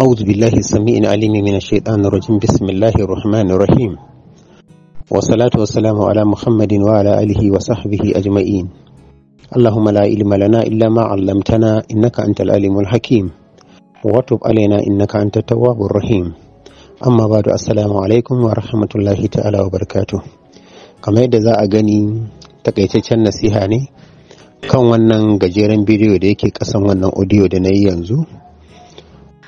أعوذ بالله السميع العليم من الشيطان الرجيم بسم الله الرحمن الرحيم والصلاة والسلام على محمد وعلى آله وصحبه أجمعين اللهم لا علم لنا إلا ما علمتنا إنك أنت العليم الحكيم وتب علينا إنك أنت التواب الرحيم أما بعد السلام عليكم ورحمة الله تعالى وبركاته kamar yadda za a gani takaitaccen nasiha ne kan wannan gajeren bidiyo da yake kasan wannan audio da na yi yanzu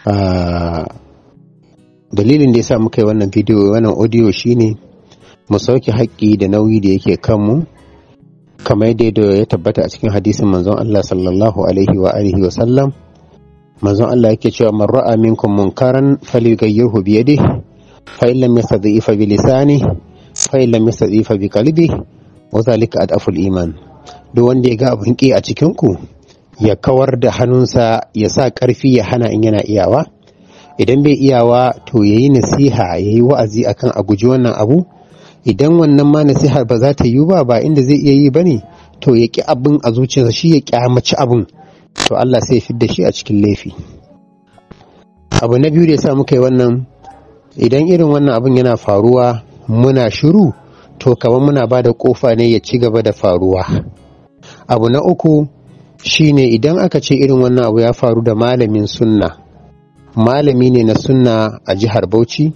Ah, dalilin da ya sa muka yi wannan bidiyo wannan audio shine mu sauke haƙƙi da nauyi da yake kanmu kamar yadda ya tabbata a cikin hadisin manzon Allah sallallahu alaihi wa alihi wa sallam manzon Allah yake cewa man ra'a minkum munkaran falyughayyirhu bi yadihi fa in lam fa bi lisani fa in lam yastati fa bi qalbi wa zalika iman duk wanda ya ga abin ƙi a cikin ku ya kawar da hannunsa ya sa ƙarfi ya hana in yana iyawa idan bai iyawa to ya yi nasiha ya yi wa'azi akan a guji wannan abu idan wannan ma nasiha ba za ta yi ba ba inda zai iya yi ba ne to ya ƙi abin a zuciyarsa shi ya ƙyamaci abin to Allah sai ya da shi a cikin laifi abu na biyu da ya sa muka yi wannan idan irin wannan abin yana faruwa muna shiru to kamar muna ba da kofa ne ya ci gaba da faruwa abu na uku shine idan aka ce irin wannan abu ya faru da malamin sunna malami ne na sunna a jihar bauchi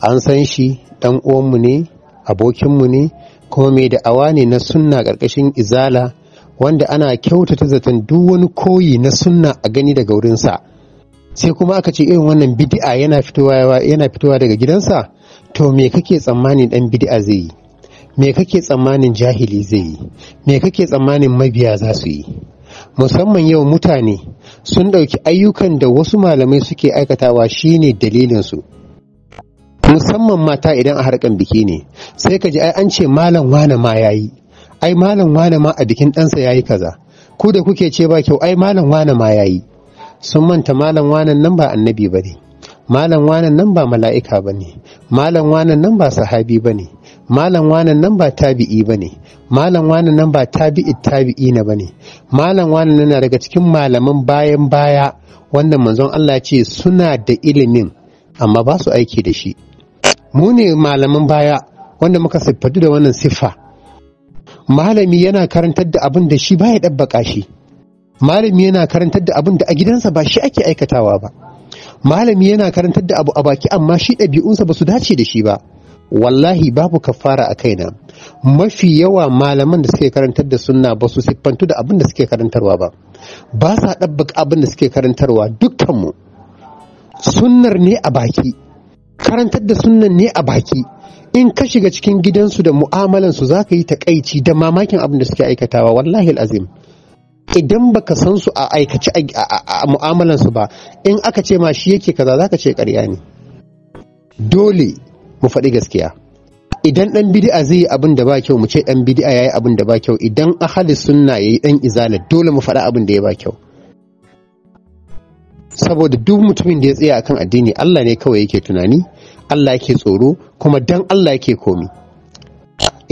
an san shi dan uwanmu ne abokinmu ne kuma mai da'awa ne na sunna ƙarƙashin izala wanda ana kyautata zaton duk wani koyi na sunna a gani daga wurinsa sai kuma aka ce irin wannan bid'a yana fitowa daga gidansa to me kake tsammani dan bid'a zai yi me kake tsammanin jahili zai yi me kake tsammanin mabiya za su yi musamman yau mutane sun ɗauki ayyukan da wasu malamai suke aikatawa shine dalilinsu musamman mata idan a harkan biki ne sai ka ji ai an ce malam wane ma ya yi, ai malam wane ma a bikin ɗansa yi kaza ku da kuke ce ba kyau ai malam wane ma ya yi? sun manta malam wanan nan ba annabi ba ne, malam wanan nan ba mala'ika ba ne, malam wanan nan ba sahabi ba ne. malam wanan nan ba tabi'i ba ne malam wanan nan ba tabi'i tabi'i na ba ne malam wanan nan na daga cikin malaman bayan baya wanda manzon Allah ce suna da ilimin amma ba su aiki da shi mu ne malaman baya wanda muka siffatu da wannan siffa malami yana karantar da abin da shi ba ya dabbaka shi malami yana karantar da abin da a gidansa ba shi ake aikatawa ba malami yana karantar da abu a baki amma shi ɗabi'unsa ba su dace da shi ba wallahi babu kafara a kaina mafi yawa malaman da suke karantar da sunna ba su siffantu da abin da suke karantarwa ba ba sa ɗabbaka abin da suke karantarwa dukkanmu sunnar ne a baki karantar da sunnan ne a baki in ka shiga cikin gidansu da mu'amalansu za ka yi takaici da mamakin abin da suke aikatawa wallahi azim idan baka san su a aikace a mu'amalansu ba in aka ce ma shi yake kaza za ka ce ƙarya ne dole mu faɗi gaskiya idan ɗan bid'a zai yi abin da ba kyau mu ce ɗan bid'a yi abin da ba kyau idan ahali sunna yi ɗan izala dole mu faɗa abin da ya ba kyau saboda duk mutumin da ya tsaya akan addini Allah ne kawai yake tunani Allah yake tsoro kuma dan Allah yake komi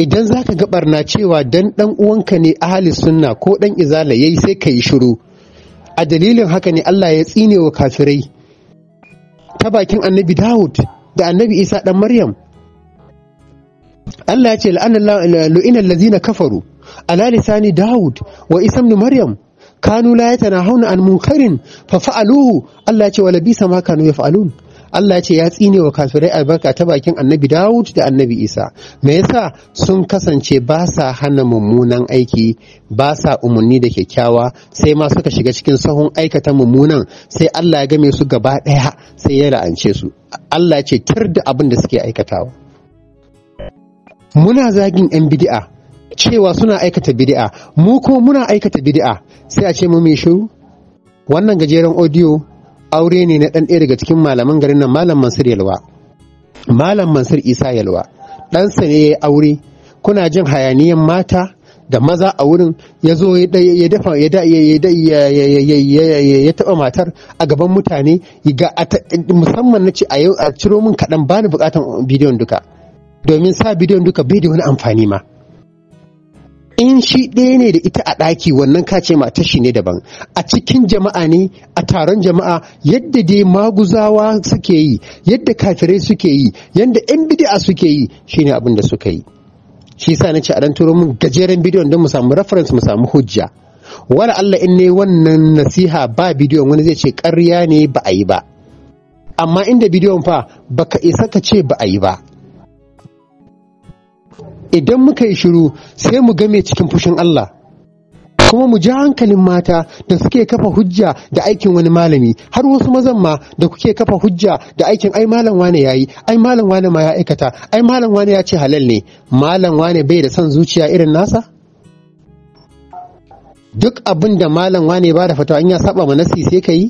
idan za ka ga na cewa dan ɗan uwanka ne ahali sunna ko ɗan izala yayi sai ka yi shiru a dalilin haka ne Allah ya tsine wa kafirai ta bakin annabi Dawud ga annabi isa dan maryam Allah ya ce lu'ina allazina kafaru ala lisani Dawud, wa isa ni maryam kanu la yatanahuna an munkarin fa fa'aluhu Allah ya ce wa bisa ma kanu yaf'alun Allah ce ya tsine wa kafirai albarka ta bakin annabi Dawud da annabi Isa me yasa sun kasance ba sa hana mummunan aiki ba sa umarni da kyakkyawa sai ma suka shiga cikin sahun aikata mummunan sai Allah ya game su gaba ɗaya sai ya la'ance su Allah ce tir da abin da suke aikatawa muna zagin 'yan bid'a cewa suna aikata bid'a mu kuma muna aikata bid'a sai a ce mu mai shiru wannan gajeren audio aure ne na ɗan ɗaya daga cikin malaman garin nan malam mansur yalwa malam mansur isa yalwa ɗansa ne ya yi aure kuna jin hayaniyan mata da maza a wurin ya zo ya dafa ya taɓa matar a gaban mutane musamman na ce a ciro min kaɗan ba ni bukatan bidiyon duka domin sa bidiyon duka bai da wani amfani ma in shi ɗaya ne da ita a ɗaki wannan ka ce mata shi ne daban a cikin jama'a ne a taron jama'a yadda dai maguzawa suke yi yadda kafirai suke yi yadda 'yan bidi'a suke yi shine abin da suka yi shi sa na ci a dan mun gajeren bidiyon don mu samu reference mu samu hujja wala Allah in ne wannan nasiha ba bidiyon wani zai ce ƙarya ne ba a yi ba amma inda bidiyon fa baka isa ka ce ba a yi ba idan muka yi shiru sai mu game cikin fushin Allah kuma mu ji hankalin mata da suke kafa hujja da aikin wani malami har wasu mazan ma da kuke kafa hujja da aikin ai malam wane yayi ai malam wane ma ya aikata ai malam wane ya ce halal ne malam wane bai da son zuciya irin nasa duk abin da malam wane ba da fatawa in ya saba ma sai ka yi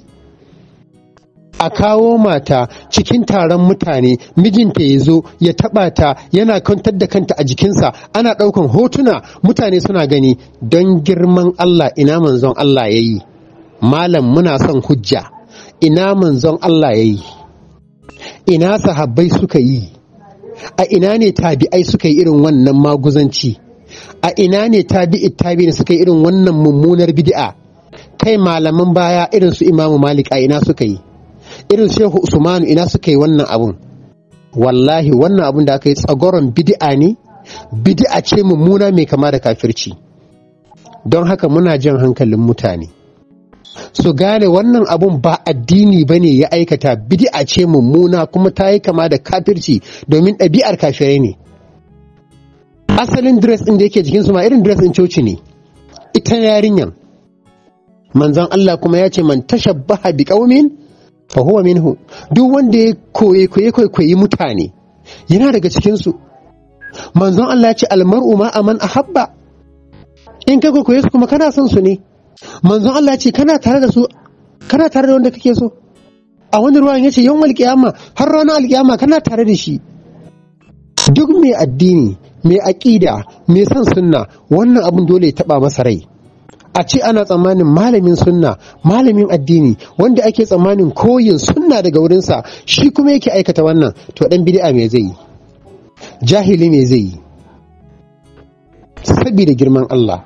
a kawo mata cikin taron mutane mijinta ya zo ya taɓa ta yana kwantar da kanta a jikinsa ana ɗaukan hotuna mutane suna gani don girman Allah ina manzon Allah ya yi malam muna son hujja ina manzon Allah ya yi ina sahabbai suka yi a ina ne tabi'ai suka yi irin wannan maguzanci a ina ne tabi'i tabi'in suka yi irin wannan mummunar bidi'a? kai malaman baya irin su imamu malik a ina suka yi irin shehu usmanu ina suka yi wannan abun wallahi wannan abun da aka yi tsagoron bidi'a ne Bidi'a ce mummuna mai kama da kafirci don haka muna jan hankalin mutane su gane wannan abun ba addini ba ne ya aikata bidi'a ce mummuna kuma ta yi kama da kafirci domin ɗabi'ar kafirai ne asalin dress ɗin da yake jikinsu ma irin dress ɗin coci ne ita yarinyar manzon Allah kuma ya ce man tashabbaha bi qaumin fa huwa minhu duk wanda ya koye koye mutane yana daga cikin su manzon Allah ya ce almar'u ma aman ahabba in ka koye su kuma kana son su ne manzon Allah ya ce kana tare da su kana tare da wanda kake so a wani ruwan ya ce yawan alƙiyama har ranar alƙiyama kana tare da shi duk mai addini mai aƙida mai son sunna wannan abin dole ya taɓa masa rai a ce ana tsammanin malamin sunna malamin addini wanda ake tsammanin koyin sunna daga wurinsa shi kuma yake aikata wannan to dan bid'a me zai yi jahili me zai yi saboda girman Allah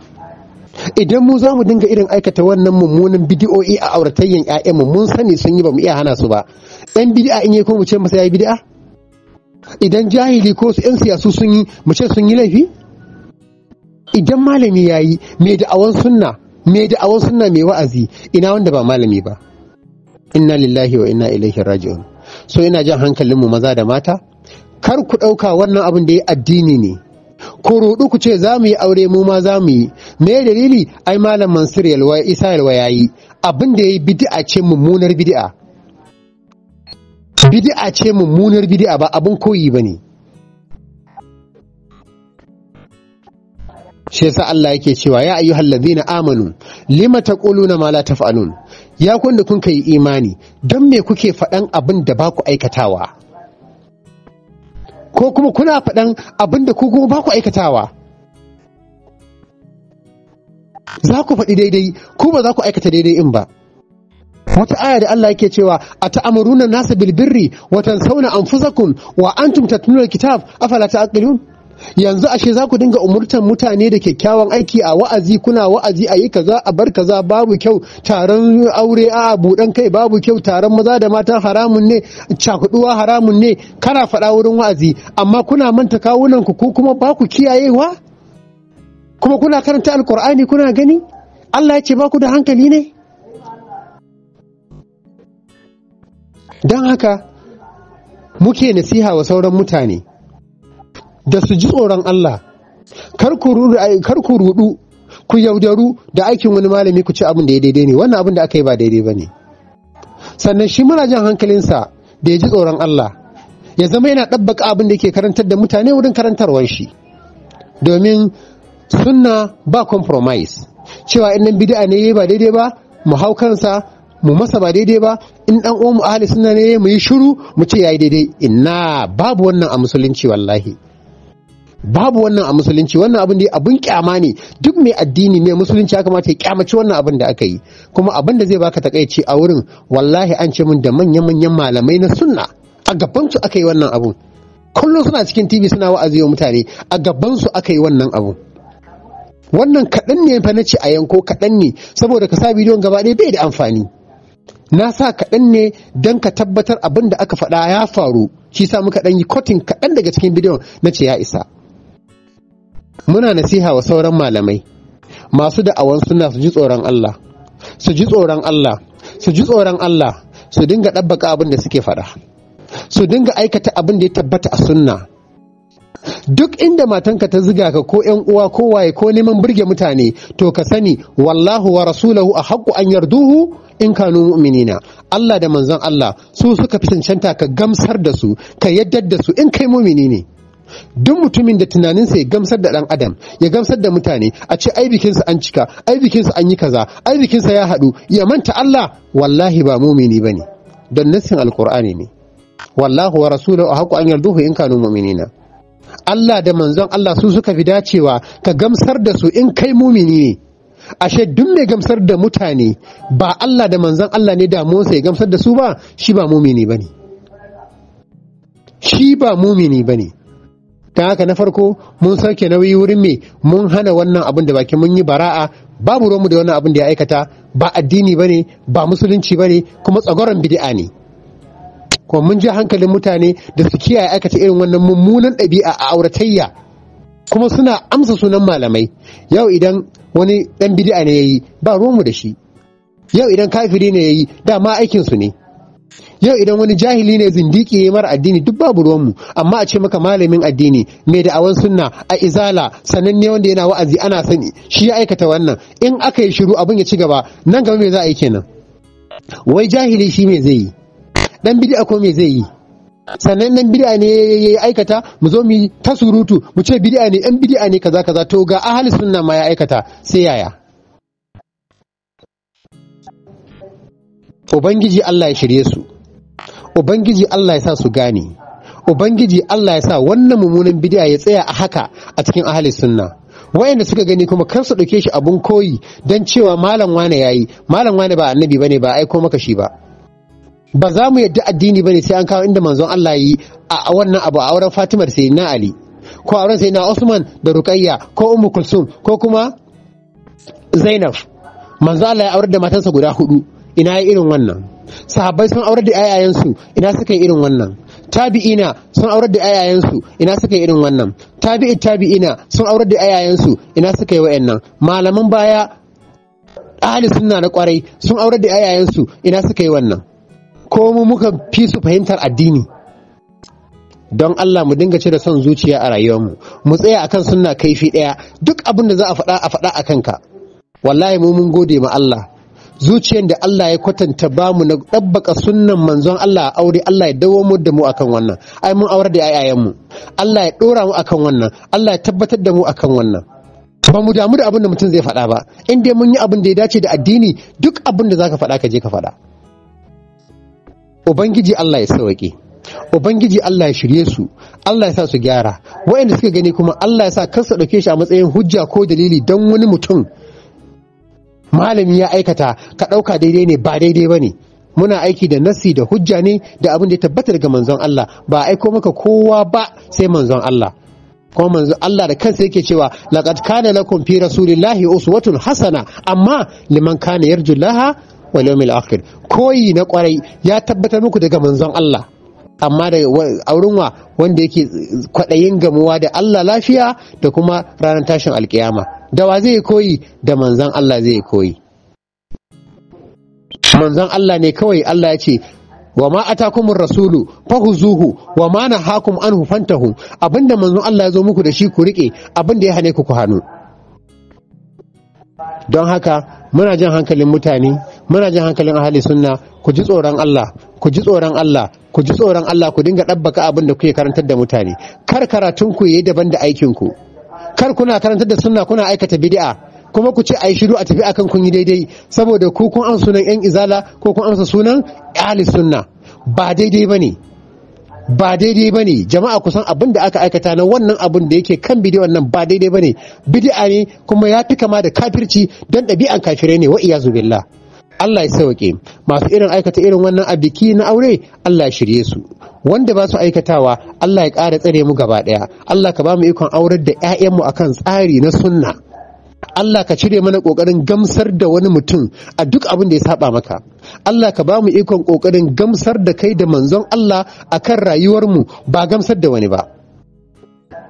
idan mu za mu dinga irin aikata wannan mummunan bid'o'i a auratayyan mu, mun sani sun yi ba mu iya hana su ba ɗan bidi'a in yi ko mu ce masa yayi bidi'a idan jahili ko su 'yan siyasu sun yi mu ce sun yi laifi idan malami ya yi mai da'awan sunna mai da'awan sunna mai wa'azi ina wanda ba malami ba inna lillahi wa inna ilaihi raji'un so ina jan hankalinmu maza da mata kar ku ɗauka wannan abin da ya addini ne ku rudu ku ce za mu yi aure mu ma za mu yi me dalili ai malam mansur yalwa isa yalwa ya yi abin da ya yi bidi'a ce mummunar bidi'a. Bidi'a ce mummunar bidi'a ba abin koyi ba ne shi yasa Allah yake cewa ya ayyuhal ladhina amanu lima taquluna ma la taf'alun ya kun da kun kai imani don me kuke faɗan abin da ba ku aikatawa ko kuma kuna faɗan abin da ku kuma ba ku aikatawa za ku faɗi daidai ko ba za ku aikata daidai in ba wata aya da Allah yake cewa a ta'amuruna nasa bilbirri wa tansawna anfusakum wa antum tatluna alkitab afala ta'qilun yanzu ashe za ku dinga umurtan mutane da kyakkyawan aiki a wa'azi kuna wa'azi a yi kaza a bar kaza babu kyau taron aure a buɗan kai babu kyau taron maza da mata haramun ne cakuduwa haramun ne kana faɗa wurin wa'azi amma kuna manta kawunan ku ko kuma ba ku kiyayewa kuma kuna karanta alkur'ani kuna gani Allah ya ce ba ku da hankali ne dan haka muke nasiha wa sauran mutane da su ji tsoron Allah kar ku rudu ku yaudaru da aikin wani malami ku ci abin da ya daidai ne wannan abin da aka yi ba daidai ba ne sannan shi muna jan hankalinsa da ya ji tsoron Allah ya zama yana ɗabbaka abin da yake karantar da mutane wurin karantarwar shi domin sunna ba compromise cewa in nan bid'a ne ba daidai ba mu hau kansa mu masa ba daidai ba in ɗan uwan mu ahli sunna ne mu yi shiru mu ce yayi daidai inna babu wannan a musulunci wallahi babu wannan a musulunci wannan abin da abin kyama ne duk mai addini mai musulunci ya kamata ya kyamaci wannan abin da aka yi kuma abin da zai baka takaici a wurin wallahi an ce min da manyan manyan malamai na sunna a gaban su aka yi wannan abun kullum suna cikin tv suna wa'azi wa mutane a gaban su aka yi wannan abun wannan kaɗan ne fa na ce a yanko kaɗan ne saboda ka sa bidiyon gaba ɗaya bai da amfani na sa kaɗan ne don ka tabbatar abin da aka faɗa ya faru shi sa muka ɗan yi kotin kaɗan daga cikin bidiyon na ce ya isa muna nasiha wa sauran malamai masu da'awan suna su ji tsoron Allah su ji tsoron Allah su ji tsoron Allah su dinga ɗabbaka abin da suke faɗa su dinga aikata abin da ya tabbata a sunna duk inda matanka ta ziga ka ko yan uwa ko waye ko neman burge mutane to ka sani wallahu wa rasulahu a haƙƙu an yarduhu in kanu mu'minina Allah da manzon Allah su suka fi cancanta ka gamsar da su ka yaddar da su in kai mu'mini ne duk mutumin da tunaninsa ya gamsar da dan adam ya gamsar da mutane a ce ai bikinsa an cika ai bikinsa an yi kaza ai bikinsa ya haɗu ya manta Allah wallahi ba mumini bane don nassin alqur'ani ne wallahu wa rasuluhu haqu an yarduhu in kanu mu'minina Allah da manzon Allah su suka fi dacewa ka gamsar da su in kai mumini ne ashe duk mai gamsar da mutane ba Allah da manzon Allah ne damuwarsa ya gamsar da su ba shi ba mumini bane shi ba mumini bane ta haka na farko mun sauke nauyi wurin me mun hana wannan abin da baki mun yi bara'a babu romu da wannan abin da ya aikata ba addini bane ba musulunci bane kuma tsagoron bid'a ne kuma mun ji hankalin mutane da su kiyaye aikata irin wannan mummunan ɗabi'a a auratayya kuma suna amsa sunan malamai yau idan wani ɗan bid'a ne yayi ba romu da shi yau idan kafiri ne yi dama aikin su ne yau idan wani jahili ne zindiki ya mara addini duk babu ruwanmu amma a ce maka malamin addini mai da'awan sunna a izala sananne wanda yana wa'azi ana sani shi ya aikata wannan in aka yi shiru abin ya ci gaba nan gaba me za a yi kenan wai jahili shi me zai yi dan bid'a ko me zai yi sannan nan bid'a ne ya aikata mu zo mu ta surutu mu ce bid'a ne yan bid'a ne kaza kaza to ga ahli sunna ma ya aikata sai yaya ubangiji Allah ya shirye su ubangiji Allah ya sa su gane ubangiji Allah ya sa wannan mummunan bida ya tsaya a haka a cikin ahli sunna wayanda suka gani kuma kar su dauke shi abun koyi dan cewa malam wane yayi malam wane ba annabi bane ba aiko maka shi ba ba za mu yadda addini ne sai an kawo inda manzon Allah yi a wannan abu a auren Fatima da na Ali ko auren na Usman da Ruqayya ko Ummu Kulsum ko kuma Zainab manzo Allah ya aure da matansa guda hudu ina irin wannan sahabbai sun aurar da ayayensu ina suka yi irin wannan tabi'ina sun aurar da ayayensu ina suka yi irin wannan tabi'i tabi'ina sun aurar da ayayensu ina suka yi wa'annan malaman baya ahli sunna na kwarai sun aurar da ayayensu ina suka yi wannan ko mu muka fi su fahimtar addini don Allah mu dinga cire son zuciya a rayuwarmu mu tsaya akan sunna kaifi daya duk abin da za a faɗa a faɗa akan ka wallahi mu mun gode ma Allah zuciyar da Allah ya kwatanta ba mu na ɗabbaka sunnan manzon Allah a aure Allah ya dawo mu da mu akan wannan ai mun aure da ayayen mu Allah ya ɗora mu akan wannan Allah ya tabbatar da mu akan wannan ba mu damu da abin da mutum zai faɗa ba in dai mun yi abin da ya dace da addini duk abin da zaka faɗa ka je ka faɗa ubangiji Allah ya sauke ubangiji Allah ya shirye su Allah ya sa su gyara wa'anda suka gani kuma Allah ya sa kansa ɗauke shi a matsayin hujja ko dalili don wani mutum malami ya aikata ka ɗauka daidai ne ba daidai ba ne muna aiki da nasi da hujja ne da abin da ya tabbata daga manzon Allah ba aiko maka kowa ba sai manzon Allah kuma manzo Allah da kansa yake cewa laqad kana lakum fi rasulillahi uswatun hasana amma liman kana yarjullaha wal yawmil akhir koyi na kwarai ya tabbatar muku daga manzon Allah amma da auren wa wanda yake kwaɗayin gamuwa da Allah lafiya da kuma ranar tashin alkiyama da wa zai koyi da manzan Allah zai koyi manzan Allah ne kawai Allah ya ce wa ma atakumur rasulu fahuzuhu wa ma nahakum anhu fantahu abinda manzon Allah ya zo muku da shi ku rike abinda ya hane ku ku hannu don haka muna jin hankalin mutane muna jin hankalin ahali sunna ku ji tsoron Allah ku ji tsoron Allah ku ji tsoron Allah ku dinga ɗabbaka abin da kuke karantar da mutane kar karatun ku yayi daban da aikin ku kar kuna karantar da sunna kuna aikata bid'a kuma ku ce yi shiru a tafi akan kun yi daidai saboda ku kun an sunan yan izala ko kun amsa sunan ahli sunna ba daidai bane ba daidai ba ne jama'a kusan abin da aka aikata na wannan abin da yake kan bidiyon nan ba daidai ba ne bidi'a ne kuma ya fi kama da kafirci don ɗabi'an kafirai ne wa iyazu billah Allah ya sauke masu irin aikata irin wannan a biki na aure Allah ya shirye su wanda ba su aikatawa Allah ya ƙara tsare mu gaba ɗaya Allah ka ba mu ikon aurar da 'ya'yanmu akan tsari na sunna Allah ka cire mana kokarin gamsar da wani mutum a duk abin da ya saba maka Allah ka ba mu ikon kokarin gamsar da kai da manzon Allah a akan rayuwarmu ba gamsar da wani ba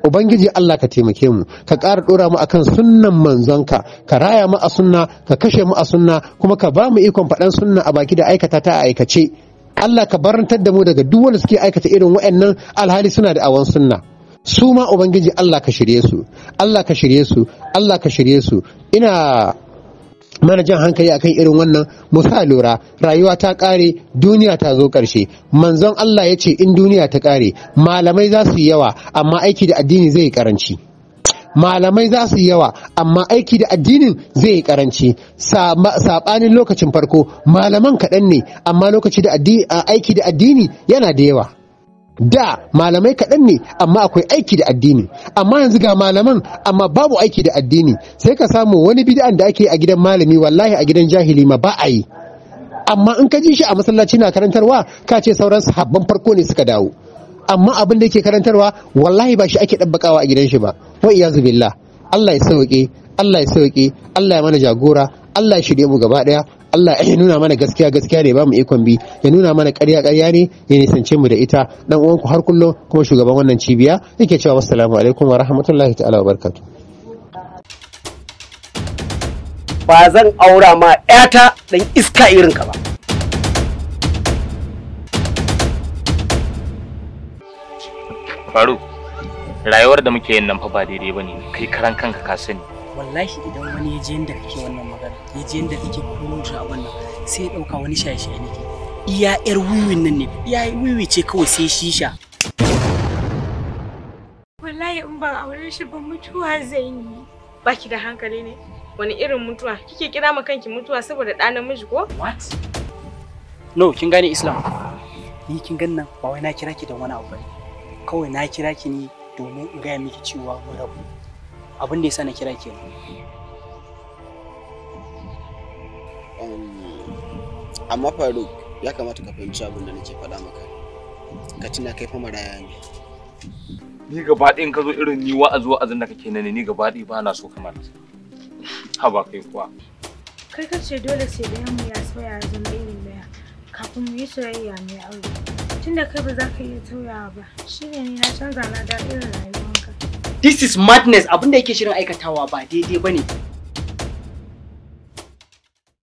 Ubangiji Allah ka taimake mu ka ƙara ɗora mu akan sunnan manzonka ka raya mu a sunna ka kashe mu a sunna kuma ka ba mu ikon faɗan sunna a baki da aikata ta a aikace Allah ka barantar da mu daga duk wanda suke aikata irin waɗannan alhali suna da awan sunna su ma ubangiji Allah ka shirye su Allah ka shirye su Allah ka shirye su ina mana jan hankali akan irin wannan musa lura rayuwa ta ƙare, duniya ta zo karshe manzon Allah ya ce in duniya ta ƙare. malamai za su yi yawa amma aiki da addini zai karanci malamai za su yi yawa amma aiki da addinin zai yi karanci saɓanin lokacin farko malaman kaɗan ne amma lokaci da aiki da addini yana da yawa da malamai kaɗan ne amma akwai aiki da addini amma yanzu ga malaman amma babu aiki da addini sai ka samu wani bid'an da ake a gidan malami wallahi a gidan jahili ma ba a yi amma in ka ji shi a masallaci na karantarwa ka ce sauran sahabban farko ne suka dawo amma abin da yake karantarwa wallahi ba shi ake ɗabbakawa a gidan shi ba wa iyazu billah Allah ya sauke Allah ya sauke Allah ya mana jagora Allah ya shirye mu gaba ɗaya Allah eh, ya nuna mana gaskiya gaskiya ne ba mu ikon bi ya nuna mana ƙarya ƙarya ne ya nisance mu da ita dan uwanku har kullum kuma shugaban wannan cibiya yake cewa assalamu alaikum wa rahmatullahi ta'ala wa barakatu. ba zan aura ma ƴata dan iska irin ka ba faru rayuwar da muke yin nan fa ba daidai bane kai karan kanka ka sani wallahi idan wani ya je yadda kake wannan magana ya je yadda kake shi abin nan, sai ya ɗauka wani shaye-shaye nake iya yar wiwin nan ne iya wiwi ce kawai sai shisha wallahi in ban aure shi ba mutuwa zai yi baki da hankali ne wani irin mutuwa kike kira ma kanki mutuwa saboda ɗa namiji ko what no kin gane islam ni kin gan nan ba wai na kira ki da wani abu bane kawai na kira ki ne domin in gaya miki cewa mu rabu abin da ya sa kira ke amma faruk ya kamata ka fahimci abin da nake faɗa maka ka tuna kai fa maraya ne ni gaba ɗayan ka zo irin ni wa'azi wa'azin da kake nani ni gaba ɗaya ba na so kamar ha ba kai kuwa kai ka ce dole sai da yamma ya soya ya zama irin daya kafin mu yi soyayya mai aure tunda kai ba za ka iya tauyawa ba shine ni na canza na da irin rayuwa this is madness abin da yake shirin aikatawa ba daidai ne.